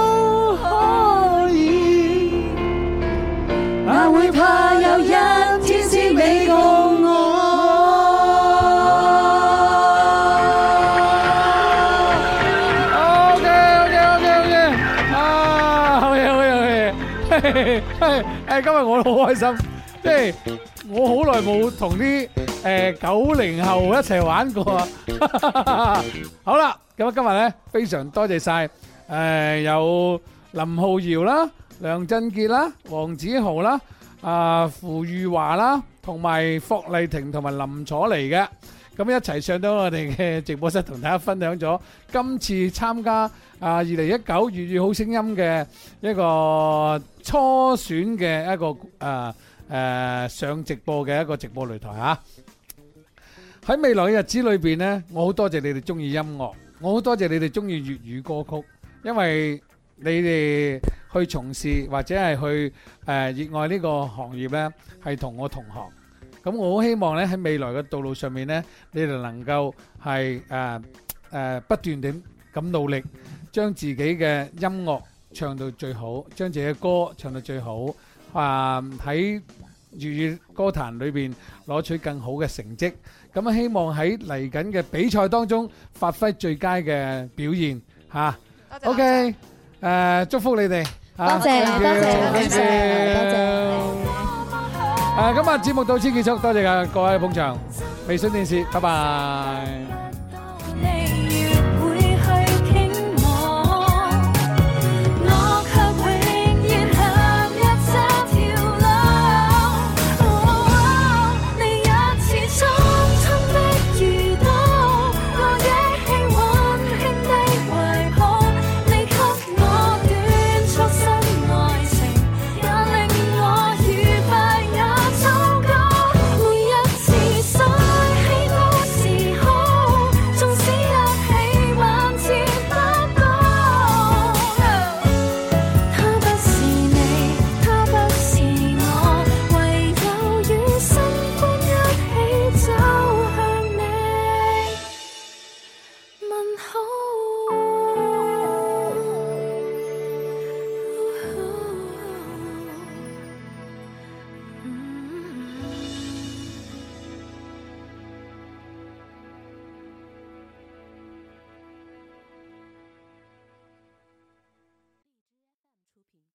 我都好開心，即係我好耐冇同啲誒九零後一齊玩過啊！好啦，咁啊今日呢非常多謝晒誒，有林浩堯啦、梁振杰啦、黃子豪啦、阿付裕華啦，同埋霍麗婷同埋林楚嚟嘅。咁一齊上到我哋嘅直播室，同大家分享咗今次參加啊二零一九粵語好聲音嘅一個初選嘅一個誒誒上直播嘅一個直播擂台嚇。喺未來嘅日子裏邊咧，我好多謝你哋鍾意音樂，我好多謝你哋鍾意粵語歌曲，因為你哋去從事或者係去誒熱愛呢個行業咧，係同我同行。咁我好希望呢喺未來嘅道路上面呢，你哋能夠係誒誒不斷地咁努力，將自己嘅音樂唱到最好，將自己嘅歌唱到最好，啊喺粵語歌壇裏邊攞取更好嘅成績。咁啊，希望喺嚟緊嘅比賽當中發揮最佳嘅表現嚇。O.K. 誒，祝福你哋。多謝多謝多謝多謝。今日咁啊，節目到此結束，多謝，謝各位捧場，微信電視，拜拜。